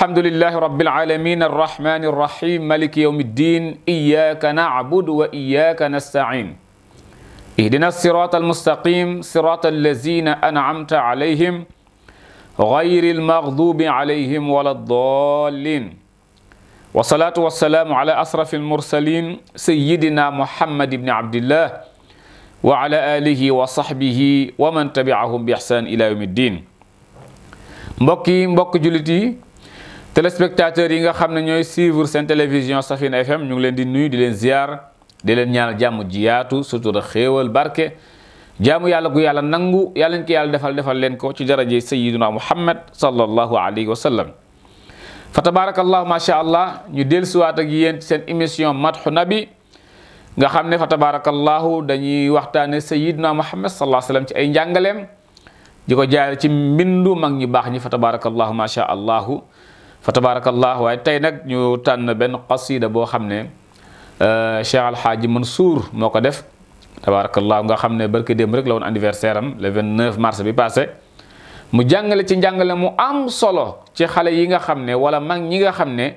alhamdulillahi rabbil alamin arrahmani arrahim maliki yawmi ddin iyyaka na'budu wa iyyaka nasta'in ihdina sirata almustaqim sirata allazina an'amta alayhim غير المغضوب عليهم ولا الضالين والصلاة والسلام على أشرف المرسلين سيدنا محمد بن عبد الله وعلى آله وصحبه ومن تبعهم بإحسان إلى يوم الدين مبكي مبكي جلتي téléspectateurs yi nga xam ne ñooy suivre seen télévision Safina FM ñu ngi leen di nuyu di leen ziar di leen ñaan jàmm ji yaatu sutura xéewal barke jaamu yàlla gu yàlla nangu yàlla ñu ko yàlla defal defal leen ko ci daraje sayyiduna muhammad sallallahu alayhi wa sallam fa tabarakallahu ma sha allah ñu dellusiwaat ak yéen seen émission madhu nabi nga xam ne fa tabarakallahu dañuy waxtaane sayyiduna muhammad sallallahu alayhi wa sallam ci ay njàngaleem di ko jaare ci mbindu mag ñu baax ñi fa tabarakallahu ma sha allahu fa tabaarakallah waaye tey nag ñu tànn benn qasida boo xam ne euh, Cheikh Alxaaji suur moo ko def tabaarakallah nga xam ne barki dem rek la woon anniversaire am le 29 mars bi passé mu jàngale ci njàngale mu am solo ci xale yi nga xam ne wala mag ñi nga xam ne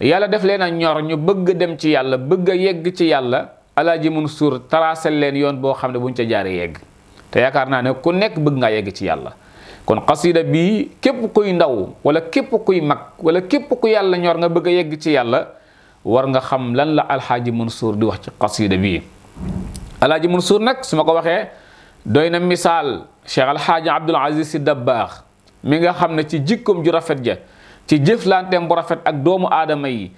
yàlla def leen a ñor ñu bëgg dem ci yàlla bëgg a yegg ci yàlla Alaaji suur tracé leen yoon boo xam ne buñ ca jaaree yegg te yaakaar naa ne ku nekk bëgg ngaa yegg ci yàlla kon xasida bii képp kuy ndaw wala képp kuy mag wala képp ku yàlla ñor nga bëgg a yegg ci yàlla war nga xam lan la alxaaji Mansour di wax ci xasida bii alxaaji Mansour nag su ma ko waxee doy na misaal Cheikh alxaaji Abdul Aziz Si Dabbaax mi nga xam ne ci jikkoom ju rafet ja ci jëflanteem bu rafet ak doomu aadama yi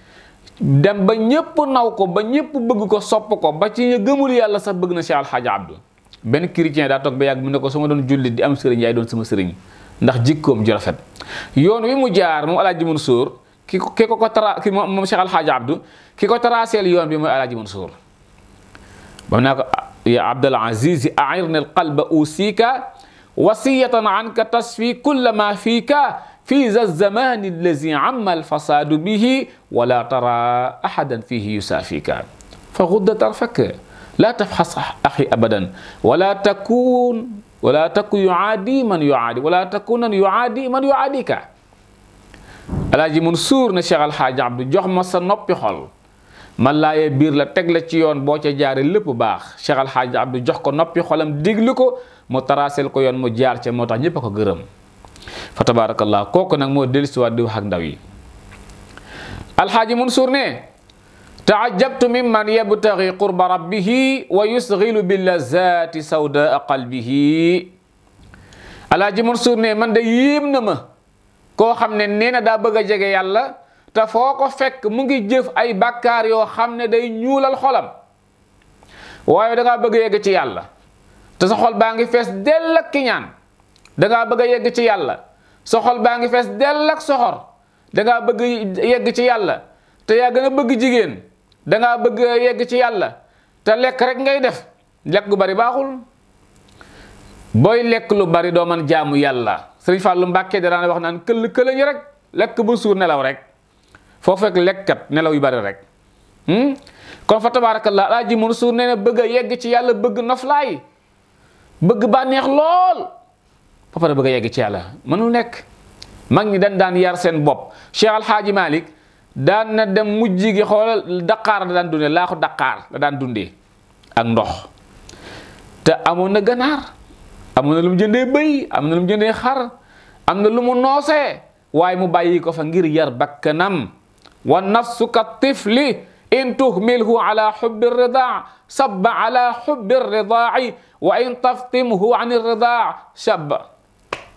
dem ba ñépp naw ko ba ñépp bëgg ko sopp ko ba ci gëmul yàlla sax bëgg na Cheikh alxaaji Abdul benn chrétien daa toog ba yàgg mu ne ko su ma doon jullit di am sëriñ yaay doon sama sëriñ ndax jikkoom ju rafet yoon wi mu jaar mu Alaaji Mansuur ki ki ko ko tra ki moom Cheikh Alxaaji Abdu ki ko traceel yoon bi mooy Alaaji Mansuur bam naa ko ya Abdal Aziz airni alqalba usika wasiyatan anka tasfi kulla ma fiika fi za zamani allazi amma alfasaadu bihi wala tara ahadan fihi yusaafika fa gudda tarfak laa tafxas axi abadan wala takun wala takun yuaadi man yuaadi wala takunan yuaadi man yuaadika alaaji suur na Cheikh Alxaaji Abdu jox ma sa noppi xol man laaye biir la teg la ci yoon boo ca jaare lépp baax Cheikh Alxaaji Abdu jox ko noppi xolam diglu ko mu tarasel ko yoon mu jaar ca moo tax ñépp a ko gërëm fa tabaarakallah kooku nag moo dellusiwaat di wax ak ndaw yi alxaaji Mansuur taajabtu mimman yabtaghi qurba rabbihi wa yusghilu bi lazati sawdaa qalbihi alaaji Mansuur ne man de yéem na ma koo xam ne nee na daa bëgg a jege yàlla te foo ko fekk mu ngi jëf ay bakkaar yoo xam ne day ñuulal xolam waaye dangaa bëgg a yegg ci yàlla te sa xol baa ngi fees dell ak kiñaan dangaa bëgg a yegg ci yàlla soxol baa ngi fees dell ak soxor dangaa bëgg yegg ci yàlla te yaa gën a bëgg jigéen da bëgg yegg ci yàlla te lekk rek ngay def lekk gu bari baaxul booy lekk lu bari doo man jaamu yàlla sëriñ fàll mbàkkee danaa wax naan këll këllañ rek lekk bu suur nelaw rek foo fekk lekkat nelaw yu bari rek hmm? kon fa laa alaaji Mansuur nee na bëgg yegg ci yàlla bëgg noflaay bëgg bànneex lool ba pare bëgg a yegg ci yàlla mënul nekk mag ñi dañ daan yar seen bopp Cheikh Alhaaji Malick daan na dem mujj gi xoolal daqaar la daan dundee laa ko daqaar la daan dundee ak ndox te amoon na ganaar amoon na lu mu jëndee bëy am na lu mu jëndee xar am na lu mu noosee waaye mu bàyyi ko fa ngir yar bakkanam wa nafsuka tifli in tuhmilhu ala xubbi ridaa sab ala xubbi ridaai wa in taftimhu an ridaa sab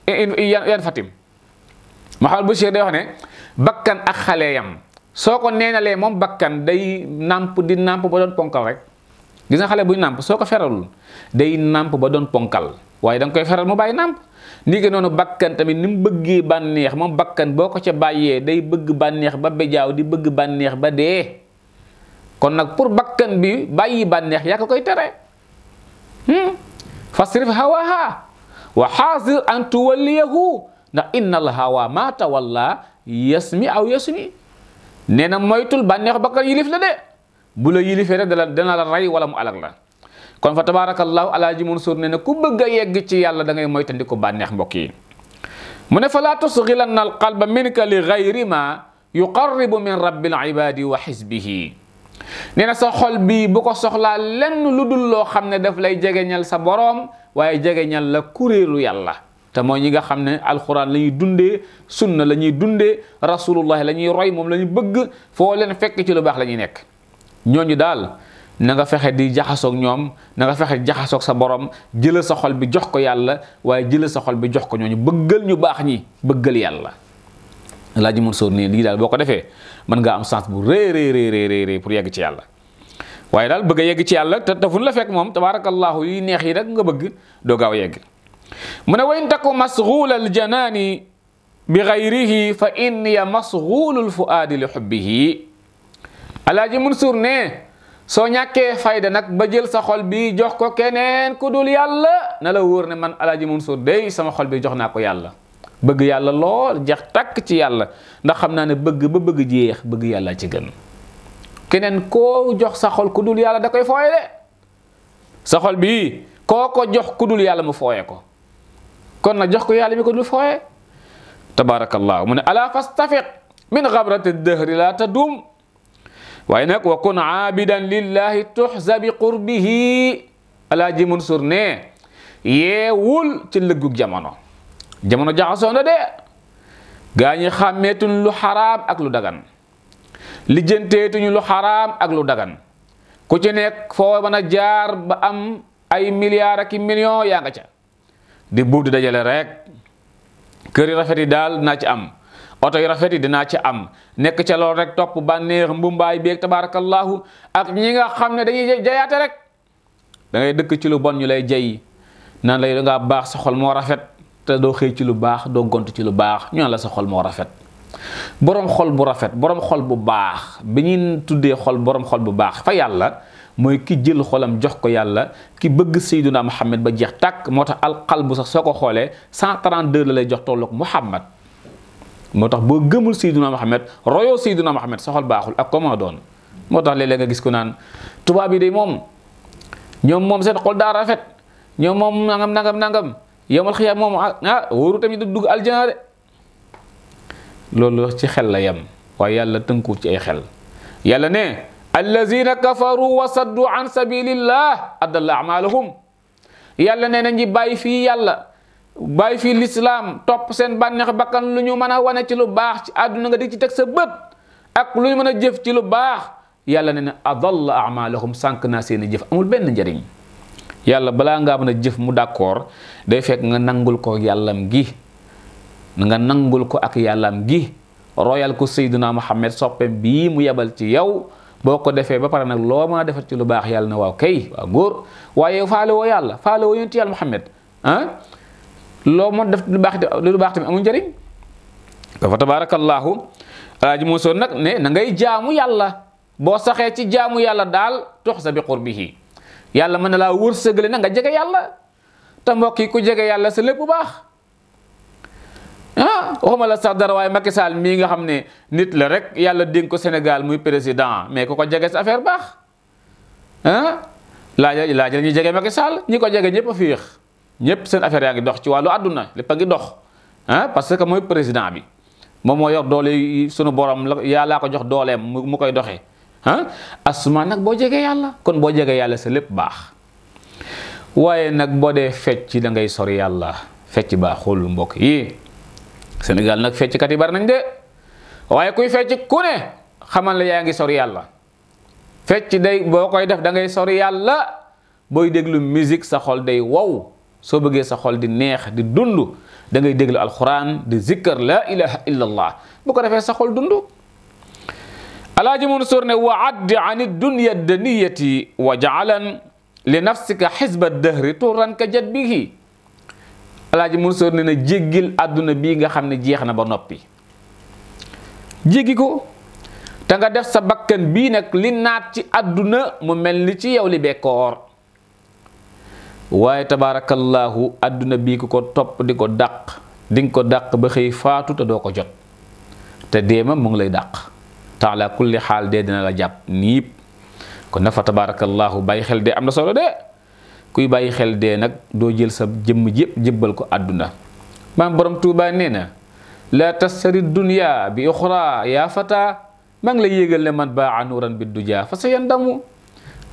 yan fatim maxaal bu cheikh day wax ne bakkan ak xaleeyam soo ko neenalee moom bakkan day nàmp di nàmp ba doon ponkal rek gis nga xale buy nàmp soo ko feralul day nàmp ba doon ponkal waaye danga koy feral mu bàyyi nàmp ni noonu bakkan tamit ni mu bëggee bànneex moom bakkan boo ko ca bàyyee day bëgg bànneex ba bejaaw di bëgg bànneex ba dee kon nag pour bakkan bi bàyyi bànneex yaa koy tere hmm? fasrif hawaha wa xaasir an tuwalliyahu ndax inna al hawa ma tawalla yasmi aw yasmi nee na moytul bànneexu bakkan yilif la de bu la yilifee rek dala dana la rey wala mu alag la kon fa tabaarakallaahu alaaji Mansour nee na ku bëgg a yegg ci yàlla da ngay moytandi ko bànneex mbokk yi mu ne fa laa tusxilanna al qalba minka li gayri ma yuqarribu min rabbil ibadi wa xisbihi nee na sa xol bii bu ko soxlaa lenn lu dul loo xam ne daf lay ñal sa boroom waaye jegeñal la kuréelu yàlla te mooy ñi nga xam ne alxuraan la ñuy dundee sunna la ñuy dundee rasulullah la ñuy roy moom la bëgg foo leen fekk ci lu baax lañuy ñuy nekk ñooñu daal na nga fexe di jaxasoog ñoom na nga fexe jaxasoog sa borom jëlal sa xol bi jox ko yàlla waaye jëlal sa bi jox ko ñooñu bëggal ñu baax ñi bëggal yàlla Alaaji Mansour nii lii daal boo ko defee mën ngaa am chance bu rëy rëy rëy rëy pour yegg ci yàlla waaye daal bëgg a yegg ci yàlla te te fu ñu la fekk moom tabaarakallaahu yi neex yi rek nga bëgg doo gaaw yegg mu ne wayn taku masguula aljanaani bi gayrihi fa inniya masguulu lfuaadi li xubbihi alaaji Mansour ne soo ñàkkee fayda nag ba jël sa xol bi jox ko keneen ku dul yàlla na la wóor ne man alaaji Mansour day sama xol bi jox naa ko yàlla bëgg yàlla lool jeex takk ci yàlla ndax xam naa ne bëgg ba bëgg jeex bëgg yàlla ci gën keneen koo jox sa xol ku dul yàlla da koy fooye de sa xol bi koo ko jox ku dul yàlla mu fooye ko kon nag jox ko yàlla mi ko dul fooye tabaarakallaahu mu ne alaa fastafiq min xabrati dëhri laa tadum waaye nag wa kun aabidan lillahi tuxza bi qurbihi alaa ji mun sur ne yeewul ci lëggug jamono jamono jaxasoo na de gaa ñi xàmmeetuñ lu xaraam ak lu dagan lijjanteetuñu lu xaraam ak lu dagan ku ci nekk foo mën jaar ba am ay milliards ak i yaa nga ca di buub di dajale rek kër yu rafet yi daal dinaa ci am oto yi rafet yi dinaa ci am nekk ca loolu rek topp bànneex mbumbaay beeg tabaarakallaahu ak ñi nga xam ne dañuy jayaate rek da dëkk ci lu bon ñu lay jay naan lay dangaa baax sa xol moo rafet te doo xëy ci lu baax doo gont ci lu baax ñu naan la sa xol moo rafet boroom xol bu rafet boroom xol bu baax bi ñuy tuddee xol boroom xol bu baax fa yàlla mooy ki jël xolam jox ko yàlla ki bëgg sayduna muhammad ba jeex tàkk moo tax alqalbu sax soo ko xoolee 132 la lay jox tolloog muhammad moo tax boo gëmul sayduna muhammad royoo sayduna muhammad soxal baaxul ak comment doon moo tax léeg-léeg nga gis ko naan tubaab yi de moom ñoom moom seen xol daa rafet ñoom moom nangam nangam nangam yomal xiyaam moom ah wóoru tamit dugg aljana de loolu ci xel la yam waaye yàlla tënku ci ay xel yàlla ne allazina kafaru wa saddu an sabilillah addalla amalahum yàlla nee na ñi bàyyi fii yàlla bàyyi fii lislaam topp seen bànneex bakkan lu ñu mën a wane ci lu baax ci àdduna nga di ci teg sa bët ak lu ñu mën a jëf ci lu baax yàlla nee na adalla amalahum sànq naa seen i jëf amul benn njariñ yàlla balaa nga mën a jëf mu d'accord day fekk nga nangul ko yàllam gi nga nangul ko ak yàllam gi royal ko sayduna muhammad soppem bii mu yebal ci yow boo ko defee ba pare nag loo mën a ci lu baax yàlla na waaw kay waaw góor waaye faale woo yàlla faale woo yonent yàlla Muhammad ah loo def lu baax lu baax tamit amul njëriñ dafa tabaarakallaahu alaaji moo soon nag ne na ngay jaamu yàlla boo saxee ci jaamu yàlla daal tox sa bi qurbihi yàlla mën na laa wërsëgale na nga jege yàlla te mbokk yi ku jege yàlla sa lépp bu baax ah waxuma la sax dara waaye Macky Sall mii nga xam ne nit la rek yàlla dénk ko Sénégal muy président mais ko ko jege sa affaire baax ah laajal laajal ñi jege Macky Sall ñi ko jege ñëpp a fiix ñëpp seen affaire yaa ngi dox ci wàllu àdduna lépp a ngi dox ah parce que mooy président bi moom moo yor doole yi sunu borom la laa ko jox dooleem mu koy doxee ah nag boo jegee yàlla kon boo jege yàlla sa lépp baax waaye nag boo dee fecc da ngay sori yàlla fecc mbokk yi. Sénégal nag fecckat yi bari nañ de waaye kuy fecc ku ne la yaa ngi sori yàlla fecc day boo koy def dangay ngay sori yàlla booy déglu musique sa xol day wow soo bëggee sa xol di neex di dundu dangay ngay déglu alquran di zikkar la ilaha illallah ko defee sa xol dund alaaji Mansuur ne wa addi ani dunya daniyati wa jaalan li nafsika xisba dahri turan ka jadbihi alaaji Mansour ne na jéggil àdduna bii nga xam ne jeex na ba noppi jéggi ko te nga def sa bakkan bii nag li naat ci àdduna mu mel ni ci yow li bekkoor waaye tabaarakallaahu àdduna bii ku ko topp di ko dàq di ko dàq ba xëy faatu te doo ko jot te deema mu ngi lay dàq taala kulli xaal dee dina la jàpp niib kon na fa tabaarakallaahu bàyyi xel de am na solo de kuy bàyyi xel dee nag doo jël sa jëmm yépp jëbbal ko àdduna maam borom tuubaa nee na la tashtari dunya bi uxra yaa fata maa ngi lay yéegal ne man baa anuuran bi duja fa sa yandamu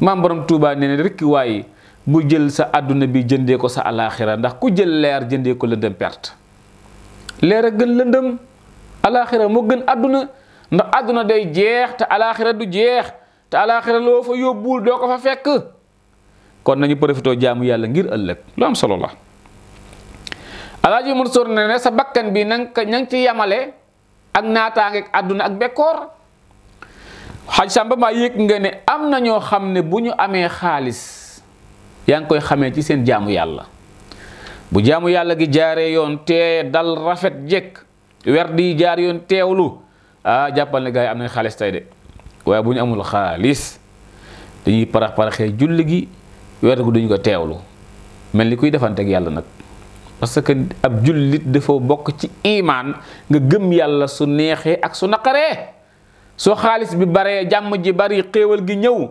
maam borom tuubaa nee na rekki waaye bu jël sa àdduna bi jëndee ko sa alaxira ndax ku jël leer jëndee ko lëndëm perte leer a gën lëndëm alaxira moo gën àdduna ndax àdduna day jeex te alaxira du jeex te alaxira loo fa yóbbuwul doo ko fa fekk kon nañu profitoo jaamu yàlla ngir ëllëg lu am solo la alaaji Mansour ne ne sa bakkan bi na nga na nga ci yamale ak naataangeeg àdduna ak bekkoor xaj sàmba maa nga ne am na ñoo xam ne bu ñu amee xaalis yaa ngi koy xamee ci seen jaamu yàlla bu jaamu yàlla gi jaaree yoon tee dal rafet jekk wer di jaar yoon teewlu ah jàppal ne gars yi am nañ xaalis tey de waaye bu ñu amul xaalis dañuy parax paraxee julli gi weer gu ko teewlu mel ni kuy defanteeg yàlla nag parce que ab jullit dafa bokk ci imaan nga gëm yàlla su neexee ak su naqaree soo xaalis bi baree jàmm ji bari xéewal gi ñëw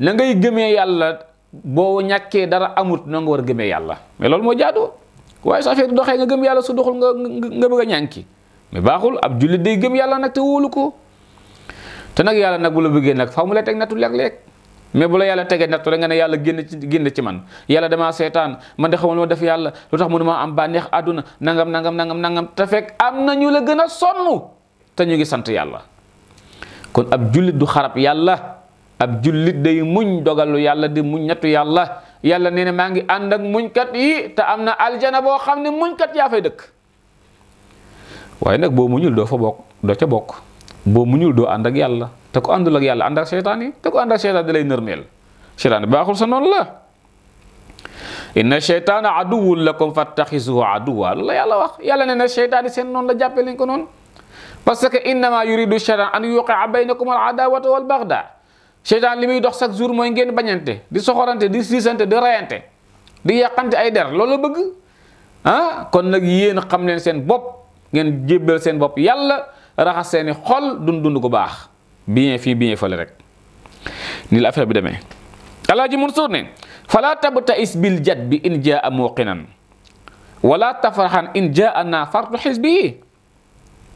na ngay gëmee yàlla boo ñàkkee dara amut noo nga war a gëmee yàlla mais loolu moo jaatoo waaye su affaire doxee nga gëm yàlla su doxul nga nga bëgg a ñànki mais baaxul ab jullit day gëm yàlla nag te wóolu ko te nag yàlla nag bu la bëggee nag faaw mu la teg nattu léeg-léeg mais bu la yàlla tegee nattu rek nga ne yàlla génn ci génn ci man yàlla damaa seetaan man de xamul ma def yàlla lu tax mënu maa am bànneex àdduna nangam nangam nangam nangam te fekk am na ñu la gën a sonn te ñu ngi sant yàlla kon ab jullit du xarab yàlla ab jullit day muñ dogalu yàlla di muñ nattu yàlla yàlla nee na maa ngi ànd ak muñkat yi te am na aljana boo xam ne muñkat yaa fay dëkk waaye nag boo muñul doo fa bokk doo ca bokk boo muñul doo ànd ak yàlla te ku àndul ak yàlla ànd ak seytaan yi te ku ànd ak seytaan da lay nërmeel seytaan baaxul sa noonu la inna seytaana aduwwun lakum fattaxisuhu aduwwa la yàlla wax yàlla ne na seytaan seen noonu la jàppee leen ko noon parce que innama yuridu seytaan an yuqia baynakum al adawata wal bagda seytaan li muy dox chaque jour mooy ngeen bañante di soxorante di siisante di rayante di yàqante ay der loolu bëgg ah kon nag yéen xam leen seen bopp ngeen jébbal seen bopp yàlla raxas seeni xol dund ko baax bien fii bien fële rek ni la affaire bi demee alaaji Mansuur ne falaa tabta is bil jat bi in jaa muqinan wala tafraxan in jaa naa fartu xisbi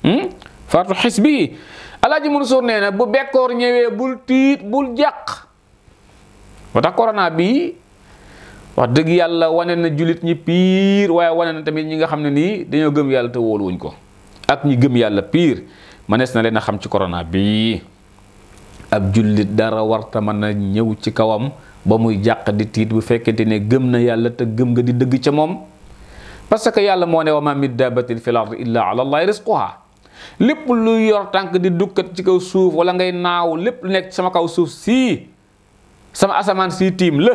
hmm? fartu xisbi alaaji Mansuur nee na bu bekkoor ñëwee bul tiit bul jàq ba corona bi wax dëgg yàlla wane na jullit ñi piir waaye wane na tamit ñi nga xam ne nii dañoo gëm yàlla te wóolu wuñ ko ak ñi gëm yàlla piir mënees na leen a xam ci corona bii ab jullit dara warta mën na ñëw ci kawam ba muy jàq di tiit bu fekkente ne gëm na yàlla te gëm nga di dëgg ca moom parce que yàlla moo ne wa ma min dabatin fil ard illa ala allahi risquha lépp lu yor tànk di dukkat ci kaw suuf wala ngay naaw lépp lu nekk sama kaw suuf sii sama asamaan sii tiim la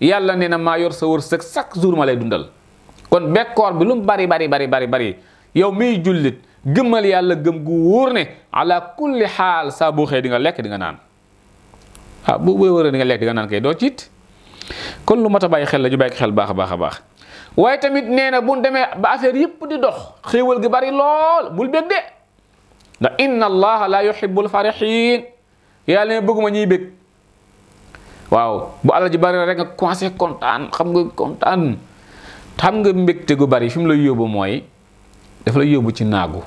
yàlla nee na maa yor sa wërsëg chaque jour ma lay dundal kon bekkoor bi lu mu bari bari bari bari yow miy jullit gëmmal yàlla gëm gu wóor ne ala kulli xaal saa boo xëyee di lekk di nga naan ah bu booy wëree di nga lekk di nga naan kay doo ci it kon lu mat bàyyi xel la ñu bàyyi xel baax a baax a baax waaye tamit nee na bu demee ba affaire yëpp di dox xéewal gi bari lool bul bég de ndax inna allaha la yuhibbul farihin yàlla ne bëgguma ñuy bég waaw bu alal ji bari rek nga commencé kontaan xam nga kontaan xam nga mbégte gu bari fi mu lay yóbbu mooy daf la yóbbu ci naagu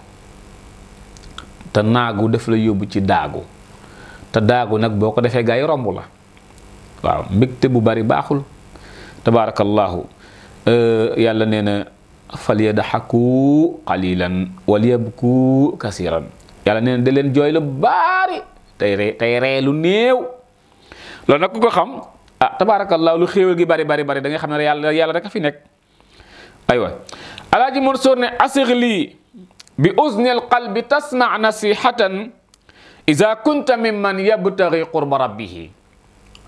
te naagu def la yóbbu ci daagu te daagu nag boo ko defee gaa yi romb la waaw mbégte bu bari baaxul tabaarakallaahu euh, yàlla nee na fal yadaxaku qalilan wal yabku kasiran yàlla nee na da leen jooy lu baari tey ree tey ree lu neew loolu nag ku ko xam ah tabaarakallaahu lu xéewal gi bari bari bari da xam ne yàlla yàlla rek a fi nekk aywa alaaji Mansour ne asix bi uzni alqalbi tasma nasihatan ida kunta mimman yabtagi qurba rabbihi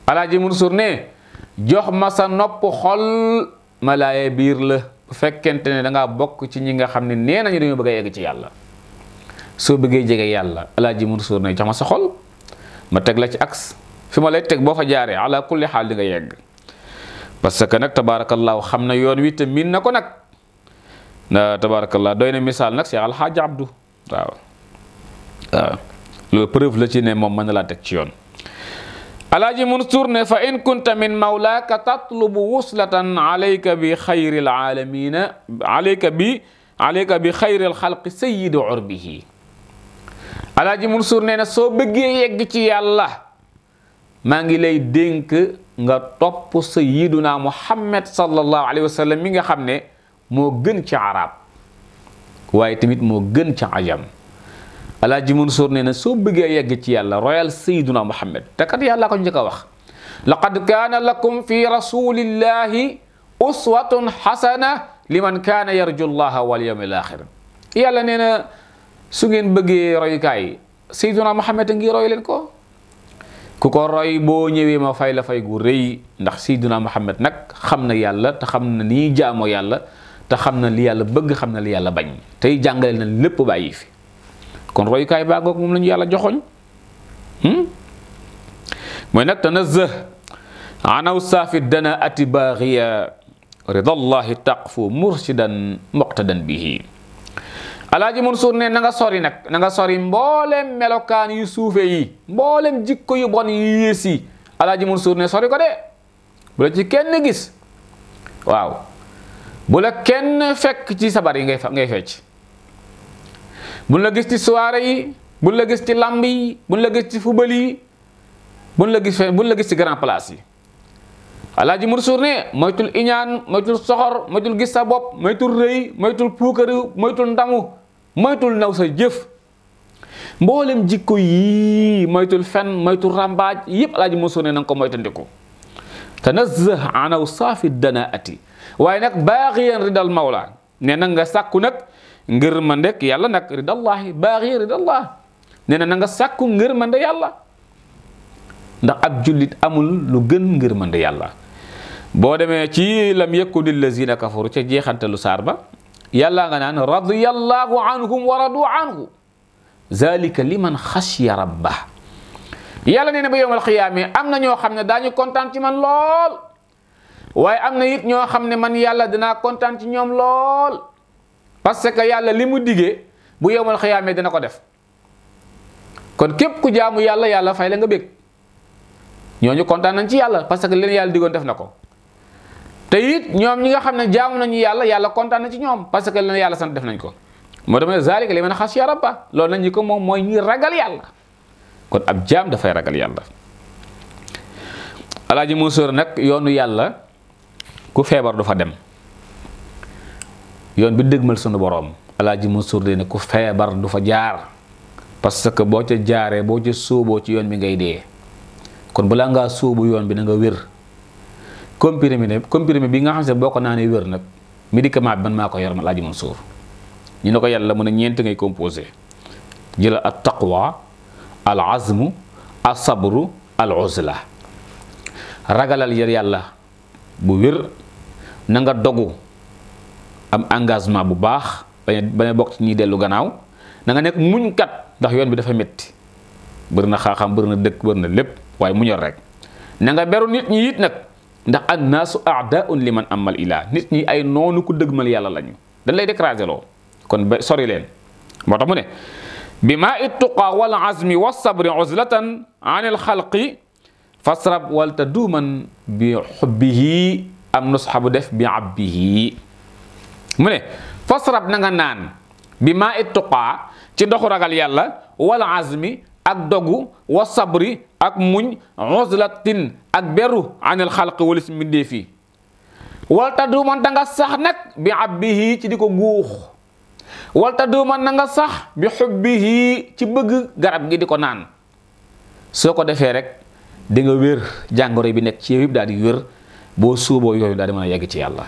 alaaji Mansour ne jox ma sa nopp xol ma laaye biir la fekkente ne danga ngaa bokk ci ñi nga xam ne nee nañu dañoo bëgg yegg ci yàlla soo bëggee jege yàlla alaaji Mansour ne jox ma sa xol ma teg la ci axe fi ma lay teg boo fa jaaree ala kulli xaal di nga yegg parce que nag tabaarakallaahu xam na yoon wi te miin na ko nag Euh, tabaarakallah na misaal nag Cheikh Alxaaji Abdu waaw waaw loolu la ci ne moom mën na laa teg ci yoon alaaji Mansuur ne fa in kunta min mawlaaka tatlubu wuslatan alayka bi xayril aalamiina alayka soo bëggee yegg ci yàlla maa ngi lay dénk nga topp sayyiduna Muhammad sallallahu alayhi wa nga xam ne moo gën ci arab waaye tamit moo gën ci ajam alaaji Mansour nee na soo bëggee yegg ci yàlla royal sayyiduna muhammad te yàlla ko njëkk wax laqad kaana lakum fi rasulillahi uswatun xasana liman kaan yarju llaha wal yawm al yàlla nee na su ngeen bëggee royukaay sayyiduna muhammad a ngi roy leen ko ku ko roy boo ñëwee ma fay la fay gu ndax sayyiduna muhammad nag xam na yàlla te xam na ni jaamoo yàlla te xam na li yàlla bëgg xam na li yàlla bañ tey jàngale na lépp bàyyi fi kon royukaay baa ngoog moom la ñu yàlla joxoñ hmm? mooy nag tanazzah anaw saafi dana ati baaxiya ridallahi taqfu mursidan muqtadan bihi alaaji Mansuur ne na nga sori nag na sori mbooleem melokaan yu suufe yi mbooleem jikko yu bon yu yées yi alaaji Mansuur ne sori ko de bu la ci kenn gis waaw bu la kenn fekk ci sabar yi ngay ngay fecc buñ la gis ci soirée yi buñ la gis ci lamb yi buñ la gis ci football yi buñ la gis fe buñ la gis ci grand place yi alaaj mursuur ne moytul iñaan moytul soxor moytul gis sa bopp moytul rëy moytul puukaru moytul ndamu moytul naw sa jëf mboolem jikko yii moytul fen moytul rambaaj yëpp alaaji mursuur ne na nga ko moytandiku tanazzah anaw saafi danaati waaye nag baaxiyan ridal mawla nee na nga sàkku nag ngër ma ndek yàlla nag ridallahi baaxiyan ridallah nee na nga sàkku ngër ma nde ndax ab jullit amul lu gën ngër ma nde yàlla boo demee ci lam yakuni lazina kafaru ca jeexantalu saar ba yàlla nga naan radiyallahu anhum wa radu anhu zalika liman xashiya rabbah yàlla nee na ba yowmal xiyaame am na ñoo xam ne daañu kontaan ci man lool waaye am na it ñoo xam ne man yàlla danaa kontaan ci ñoom lool parce que yàlla li mu diggee bu yowmal xiyaamee dana ko def kon képp ku jaamu yàlla yàlla fay la nga bég ñooñu kontaan nañ ci yàlla parce que leen yàlla digoon def na ko te it ñoom ñi nga xam ne jaamu nañu yàlla yàlla kontaan na ci ñoom parce que leen yàlla sant def nañ ko moo dama ne zaalika liman xashiya rabba loolu nañ ñi ko moom mooy ñi ragal yàlla kon ab jaam dafay ragal yàlla alaaji Mansour nag yoonu yàlla ku feebar du fa dem yoon bi mal sunu boroom alaaji Mansour de ne ku feebar du fa jaar parce que boo ca jaaree boo ca suuboo ci yoon bi ngay dee kon balaa ngaa suubu yoon bi na nga wér comprimé ne comprimé bi nga xam ne boo ko naanee wér nag médicament bi man ko yor ma alaaji Mansour ñu ne ko yàlla mu ne ñeent ngay composé jëla at taqwa al azmu as sabru al uzla ragalal yàlla bu wér na nga dogu am engagement bu baax bañ bañ bokk ci ñuy dellu gannaaw na nga muñ kat ndax yoon bi dafa métti bëri na xaaxam bëri na dëkk bëri na lépp waaye muñal rek na nga beru nit ñi it nag ndax an naasu aadaun liman amal ilaa nit ñi ay noonu ku dëgmal yàlla lañu dañ lay décrasé kon ba leen moo tax mu ne bi maa it tuqaa wal azmi wa sabri uzlatan anil xalqi fasrab walta duuman bi xubbihi am nusxa bu def bi abbihi mu ne fasrab nanga naan bi maa it tuqaa ci ndoxu ragal yàlla wal azmi ak dogu wa sabri ak muñ ak beru anil xalqi walis mbindéef yi walta duuman da sax nag bi abbihi ci di ko guux walta duuman na nga sax bi xubbihi ci bëgg garab gi di ko naan soo ko defee rek di nga wér jàngoro bi nekk ci yow yëpp daal di wér boo sóoboo yooyu daal di mën a yegg ci yàlla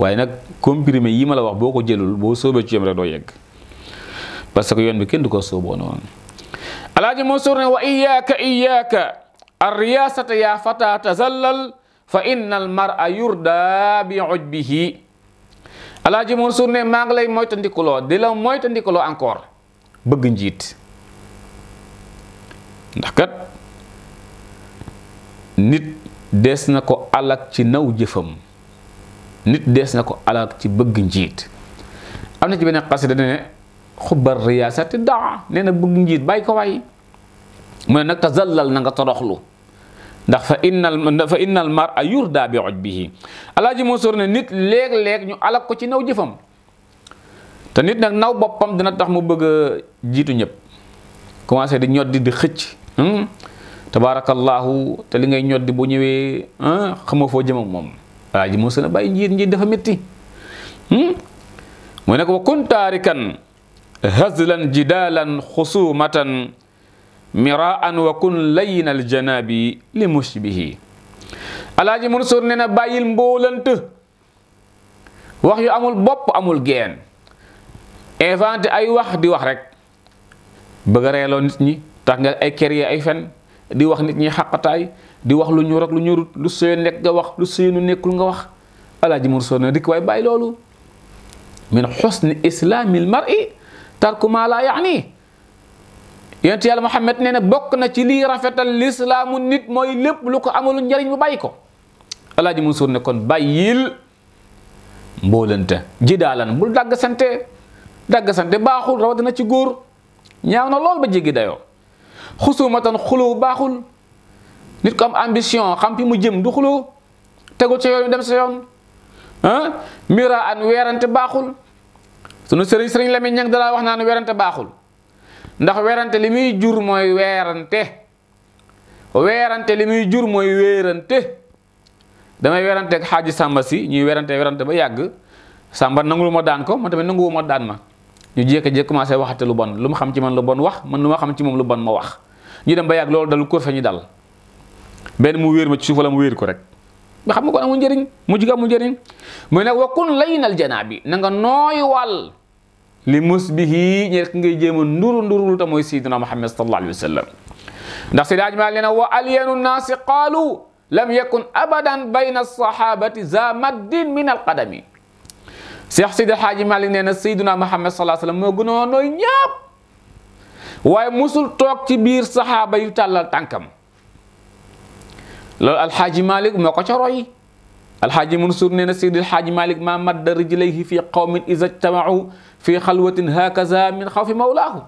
waaye nag comprimé yi ma la wax boo ko jëlul boo sóobee ci yoon doo yegg parce que yoon bi kenn du ko sooboo noonu alaaji Mansour ne wa iyaaka iyaaka ngi lay moytandikuloo di la moytandikuloo encore bëgg njiit ndax kat nit dees na ko alak ci naw jëfam nit dees na ko alak ci bëgg njiit am na ci beneen xasida ne xubar riyaasati daa nee na bëgg njiit bàyyi ko waay mu ne nag te zallal na nga toroxlu ndax fa innal fa innal mar a yurda bi ujbihi alaaji Mansour ne nit léeg-léeg ñu alak ko ci naw jëfam te nit nag naw boppam dana tax mu bëgg a jiitu ñëpp commencé di ñoddi di xëcc hmm? tabaarakallaahu te li ngay ñoddi bu ñëwee ah, xamoo foo jëm ak moom waa ji moo sën njiit dafa metti hmm? mu ne ko wa kun taarikan hazlan jidaalan xusumatan miraan wa kun layin al janaabi li mushbihi alaaji Mansuur ne na bàyyil mbóolant wax yu amul bopp amul geen inventé ay wax di wax rek bëgg a nit ñi tax nga ay kër ay fen di wax nit ñi xàqtaay di wax lu ñuul ak lu ñuurut lu sëyoon nekk nga wax lu sëyoonu nekkul nga wax alaaji Mansour na dikk waaye bàyyi loolu min xusni islaamil mar'i yàlla Muhammad nee na bokk na ci lii rafetal lislaamu nit mooy lépp lu ko amul njariñ mu bàyyi ko alaaji Mansour ne kon bàyyil mboolante jidaalan bul dàgg sante dàgg sante baaxul rawatina ci góor ñaaw na lool ba jéggi dayoo xusumatan xuloo baaxul nit ko am ambition xam fi mu jëm du xuloo tegu ca yoon dem sa yoon ah mira an weerante baaxul sunu sëriñ sëriñ la mi ñang dalaa wax naan weerante baaxul ndax weerante li muy jur mooy weerante weerante li muy jur mooy weerante damay weerante ak xaaji sàmba si ñuy weerante weerante ba yàgg sàmba nangul ma daan ko man tamit nanguwu ma daan ma ñu jékki-jékki commencé waxate lu bon lu mu xam ci man lu bon wax man lu ma xam ci moom lu bon ma wax ñu dem ba yàgg loolu dalu kursa ñu dal benn mu wéer ma ci suuf wala mu wéer ko rek ba xam nga kon amul njëriñ mujj ga amul njëriñ muy nag wakkun laynal janaa bi na nga nooy wàll li mus bihi ñe rek ngay jéem a nduru nduru lu ta mooy sayyidina Muhammad sallallahu alayhi wa sallam ndax si daaj maa leen wa alyanu naasi qaalu lam yakun abadan bayna sahabati za maddin min alqadami Cheikh Sidi Haaji Malik nee na sayyidina Muhammad sallallahu alayhi wa sallam moo gënoon nooy ñëpp waaye musul toog ci biir saxaaba yu tàllal tànkam loolu alxaaji malik moo ko ca roy alxaaji mansuur nee na seydi alxaaji malik maa madda rijlayhi fi qawmin iza jtamacu fi xalwatin hakaza min xawfi mawlaahu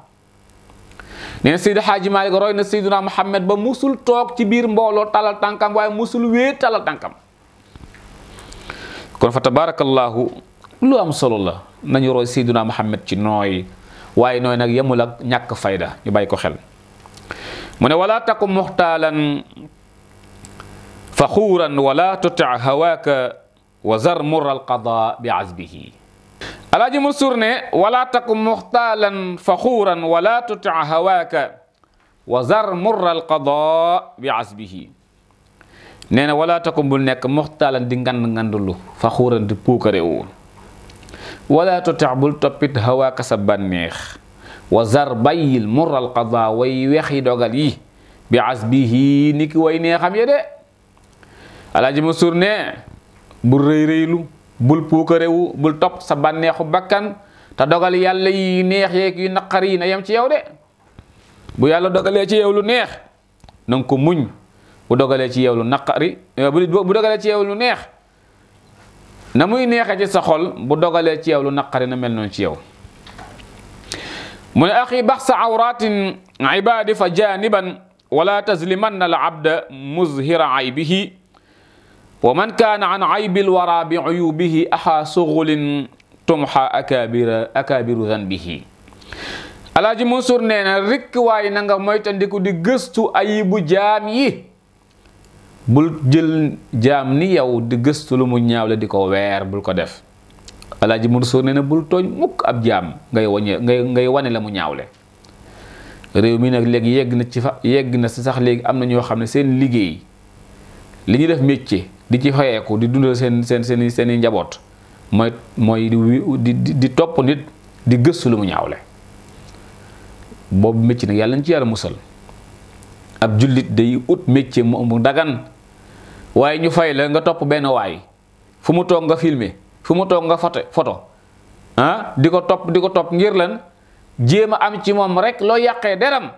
nee na seydi alxaaji malik roy na seyduna muhammad ba musul toog ci biir mbooloo tàllal tànkam waaye musul wéet tàllal tànkam kon fa tabarakallahu lu am solo la nañu roy seyduna muhammad ci nooy waaye nooy nag yemul ak ñàkk fayda ñu bàyyi ko xel mu ne wala taku muxtaalan faxuuran wala tuti' hawaaka wa zar murra alqada bi azbihi alaaji Mansuur ne wala taku muxtaalan nekk muxtaalan di ngand ngandulu faxuuran di puukarewu wala tex bul toppit hawaaka sa bànneex wa zar bàyyil mural qadaa way weex yi dogal yi bi asbihi ni ki way neexam ya de alaaji ma suur ne bul rëy rëylu bul puukarewu bul topp sa bànneexu bakkan te dogal yàlla yi neex yeeg yu naqar yi na yem ci yow de bu yàlla dogalee ci yow lu neex na nga muñ bu dogale ci yow lu naqari eh, bu dogalee ci yow lu neex na muy neexe ci sa xol bu dogalee ci yow lu naqari na mel noonu ci yow mu ne axi bax sa awratin ibaadi fa janiban wala taslimanna al abda muzhira aybihi wa man kaana an aybil wara bi uyubihi axa sugulin tumxa akabira akabiru zanbihi alaaji Mansour nee na rikk waaye na nga moytandiku di gëstu ayibu jaam yi bul jël jaam ni yow di gëstu lu mu ñaaw la di ko weer bul ko def alaaji Mansour nee na bul tooñ mukk ab jaam ngay wañe ngay wane la mu ñaawle réew mi nag léegi yegg na ci fa yegg na si sax léegi am na ñoo xam ne seen liggéey li ñuy def métier di ci xoyeeku di dundal seen seen seeni seeni njaboot mooy mooy di topp nit di gëstu lu mu ñaawle boobu métier nag yàlla nañ ci yàlla musal ab jullit day ut métier mu dagan waaye ñu fay la nga topp benn waay fu mu toog nga filmer fu mu toog nga foto foto ah di ko topp di ko topp ngir lan jéem a am ci moom rek loo yàqee deram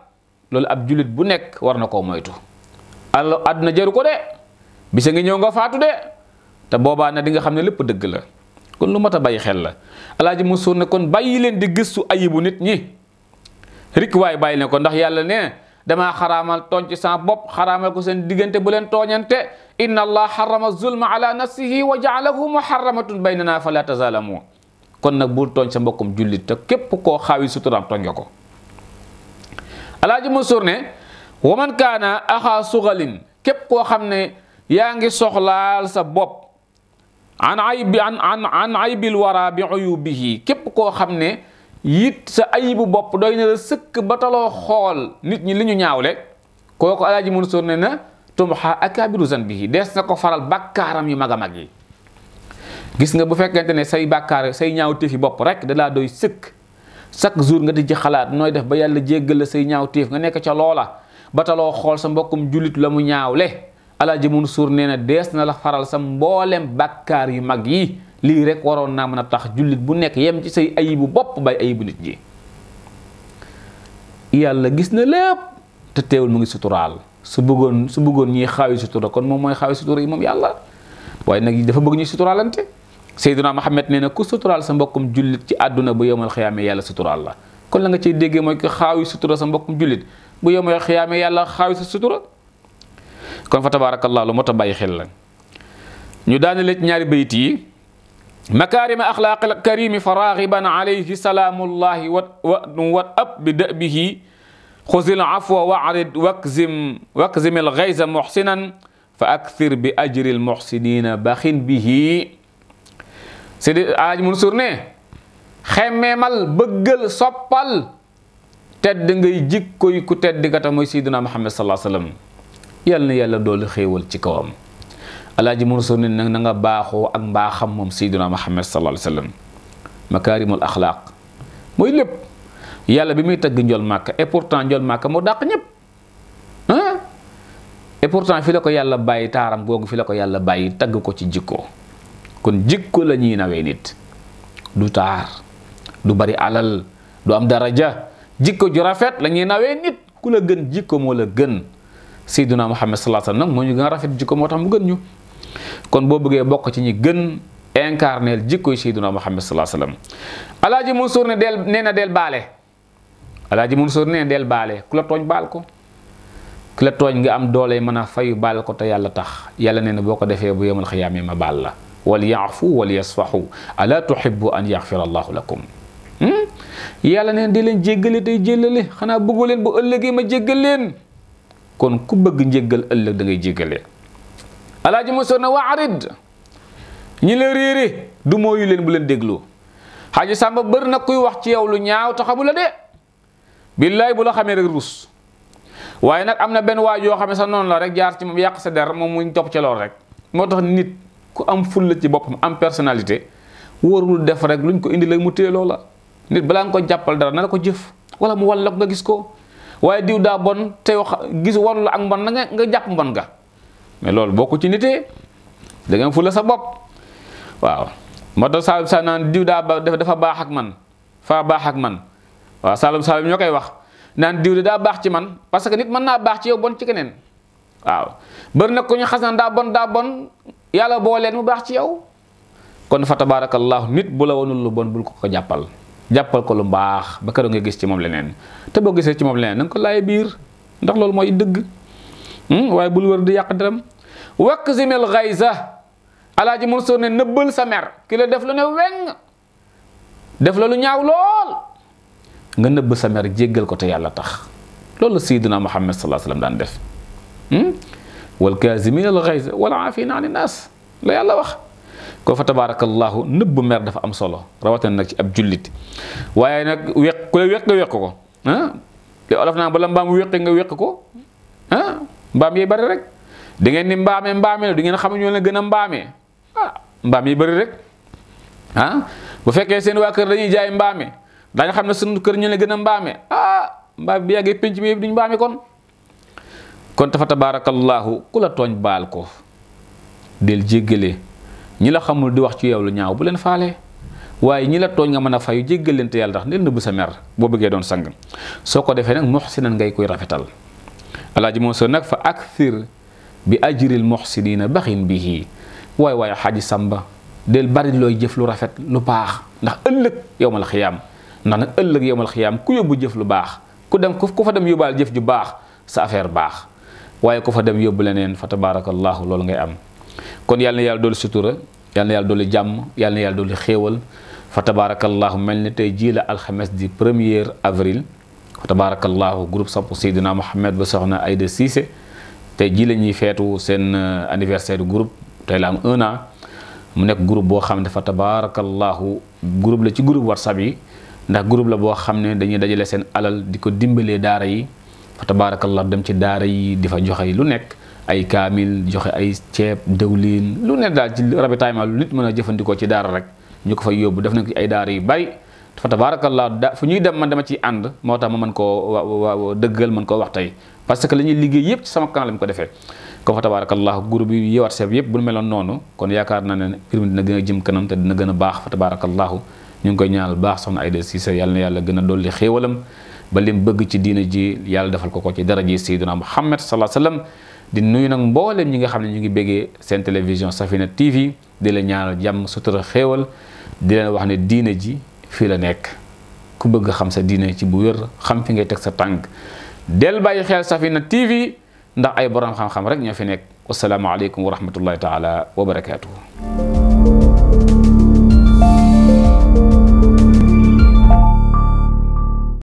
loolu ab jullit bu nekk war na koo moytu allo àdduna jaru ko de bisa ngi ñëw nga faatu de te boobaa na di nga xam ne lépp dëgg la kon lu mat a bàyyi xel la alaaji musuur ne kon bàyyi leen di gëstu ayibu nit ñi rik waay bàyyi leen ko ndax yàlla nee damaa xaraamal tooñ saa bopp xaraamal ko seen diggante bu leen tooñante inna allah harrama zulma ala nafsihi wa jaalahu muharramatun baynana fala tazalamu kon nag bul tooñ sa mbokkum jullit te képp koo xaawi suturaam tooñ nga ko alaaji Mansour ne wa man kaana axaa suxalin képp koo xam ne yaa ngi soxlaal sa bopp an aybi an an an aybil wara bi uyubihi képp koo xam ne yit sa ayibu bopp doy na la sëkk ba taloo xool nit ñi li ñu ñaawle kooku alaaji Mansour ne na tumxa akaabiru zanbihi dees nga ko faral bàkkaaram yu mag a mag yi gis nga bu fekkente ne say bàkkaar say ñaaw téef yi bopp rek da laa doy sëkk chaque jour nga di ci xalaat nooy def ba yàlla jéggal say ñaaw téef nga nekk ca loola ba taloo xool sa mbokkum jullit la mu ñaawle alaaji mun suur nee na dees na la faral sa mboolem bàkkaar yu mag yi lii rek waroon naa mën a tax jullit bu nekk yem ci say ayibu bopp bay ayibu nit ñi yàlla gis na lépp te teewul mu ngi suturaal su bëggoon su bëggoon ñuy xaawi sutura kon moom mooy xaawi sutura yi moom yàlla waaye nag dafa bëgg ñuy suturaalante Seydina Muhammad nee na ku suturaal sa mbokkum jullit ci àdduna bu yowmal xiyaame yàlla suturaal la kon la nga ciy déggee mooy ko xaawi sutura sa mbokkum jullit bu yowmal xiyaame yàlla xaawi sa sutura kon fa tabaarakallaa lu moo bàyyi xel la ñu daanale ci ñaari bayit yi makaarima axlaaqil karimi fa raaxiban alayhi salaamullahi wat wa wat ab bi dëbihi xusil afwa warid wakzim wakzimil gaysa muxsinan fa akthir bi ajril muxsinina baxin bihi sidi aaj Mansuur ne xemmeemal bëggal soppal tedd ngay jikkoy ku tedd ka ta mooy sayyidina Muhammad sallallahu alayhi wasallam yal na yàlla doolu xéewal ci kawam alaaji Mansuur ne nag na nga baaxoo ak mbaaxam moom sayyidina Muhammad sallallahu alayhi wasallam makaarimul axlaaq mooy lépp yàlla bi muy tagg njol màkka et pourtant njol màkka moo dàq ñëpp ah et pourtant fi la ko yàlla bàyyi taaram googu fi la ko yàlla bàyyi tagg ko ci jikko kon jikko la ñuy nawee nit du taar du bari alal du am daraja jikko ju rafet la ñuy nawee nit ku la gën jikko moo la gën sayyiduna muhammad sallallahu alayhi wasallam nag moo ñu gën a rafet jikko moo tax mu gën ñu kon boo bëggee bokk ci ñi gën incarneel jikko yi sayyiduna muhammad sallallahu alayhi wasallam alaaji Mansour ne del nee na del baale alaaji Mansour nee del baale ku la tooñ baal ko ku la tooñ nga am doole mën a fayu baal ko te yàlla tax yàlla nee na boo ko defee bu yemal xiyaamee ma baal la wal yaafu wal yasfaxu ala tuhibbu an yaxfira allahu lakum hmm? yàlla neen di xanaa bëggu leen bu ëllëgee ma jéggal leen ku bëgg njéggal ëllëg da ngay jéggale alaaji Mansour ne wa arid ñi la réere du mooyu bu leen dégloo xaaji Samba bëri kuy wax ci yow lu ñaaw taxamu la de billaay bu la xamee rek rus waaye nag am na benn waaj yoo xam ne sa noon la rek jaar ci moom yàq sa der moom mu topp ci loolu rek moo tax nit ku am fulla ci boppam am personnalité wóorul def rek luñ ko indi la mu téye loola nit balaa nga ko jàppal dara na la jëf wala mu wàll la nga gis ko waaye diw daa bon te gis wanu la ak mbon na nga jàpp mbon nga mais loolu boo ko ci nitee da ngeen fulla sa bopp waaw moo tax saa saa naan diw daa ba dafa baax ak man faa baax ak man waaw saalum saalum ñoo koy wax naan diw de daa baax ci man parce que nit mën naa baax ci yow bon ci keneen waaw bari nag ko ñu xas naan daa bon daa bon yàlla boo leen mu baax ci yow kon fa tabaarakallaahu nit bu la wanul lu bon bu bul ko ko jàppal jàppal ko lu mbaax ba keroog nga gis ci moom leneen te boo gisee ci moom leneen na ko laay biir ndax loolu mooy dëgg hmm, waaye bul wër di yàq deram wakk zimil gayza alaaji Mansour ne nëbbal sa mer ki la def lu def la lu ñaaw nga nëbb sa mer jéggal ko te yàlla tax loolu la sayyidina Muhammad sallallahu alayhi wasallam hmm? wal kaazimina al ghayz wal aafina ani naas la yàlla wax ko fa tabaarakallaahu nëbb mer dafa am solo rawatina nag ci ab jullit waaye nag weq ku la weq ko ah te olof naa bala mbaam weqi nga weq ko ah mbaam yee hmm? bari rek da ngeen ni mbaame mbaamee du ngeen xam ñoo la gën a mbaamee ah mbaam yi bari rek ah? bu fekkee seen waa kër dañuy jaay mbaamee daañu xam ne sunu kër ñu ne gën a mbaame ah mbaam bi yàggee pénc mi yëpp duñu mbaame kon kon tafa tabaarakallaahu ku la tooñ baal ko del jéggale ñi la xamul di wax ci yow lu ñaaw bu leen faale waaye ñi la tooñ nga mën a fayu jéggal leen te yàlla tax ndel nëbb sa mer boo bëggee doon sang soo ko defee nag muxsinan ngay koy rafetal alaaji moom soo nag fa akthir bi ajril muxsinina baxin bihi waay waaye xaaji sàmba del bari looy jëf lu rafet lu baax ndax ëllëg yow ma ndax nag ëllëg yowmal xiyaam ku yóbbu jëf lu baax ku dem ku fa dem yóbbaal jëf ju baax sa affaire baax waaye ku fa dem yóbbu leneen fa tabaarakallaahu loolu ngay am kon yàlla na yàlla doolu sutura yàlla na yàlla doolu jàmm yàlla na yàlla doolu xéewal fa tabaarakallaahu mel ni tey jii la alxames di premier avril fa tabaarakallaahu group samp Seydina Mohamed ba soxna Aïda Cissé tey jii la ñuy feetu seen euh, anniversaire groupe tey la am un mu nekk groupe boo xam ne fa tabaarakallaahu groupe la ci groupe whatsapp yi ndax groupe la boo xam ne dañuy dajale seen alal di ko dimbalee daara yi fa tabaarakallah dem ci daara yi di fa joxe lu nekk ay kaamil joxe ay ceeb dëwlin lu nekk daal ci ravitaillement lu nit mën a jëfandikoo ci daara rek ñu ko fay yóbbu def nañ ko ay daara yu bari fa tabaarakallah da fu ñuy dem man dama ciy ànd moo tax ma mën koo dëggal mën koo wax tey parce que la ñuy liggéey yëpp ci sama kan lañ ko defee ko fa tabaarakallah groupe yi yi WhatsApp yëpp bu meloon noonu kon yaakaar naa ne firme dina gën a jëm kanam dina gën a baax fa tabaarakallahu ñu ngi koy ñaanal baax soxna Aida Cissé yàlla na yàlla gën a dolli xéewalam ba lim bëgg ci diina ji yàlla defal ko ko ci dara ji sayyiduna Muhammad sallallahu alayhi wasallam di nuyu nag ñi nga xam ne ñu ngi béggee seen télévision Safina TV di la ñaanal jàmm sutura xéewal di leen wax ne diina ji fii la nekk ku bëgg xam sa diina ci bu wér xam fi ngay teg sa tànk del bàyyi xel Safina TV ndax ay borom xam-xam rek ñoo fi nekk wasalaamaaleykum wa rahmatullahi taala wa barakaatuhu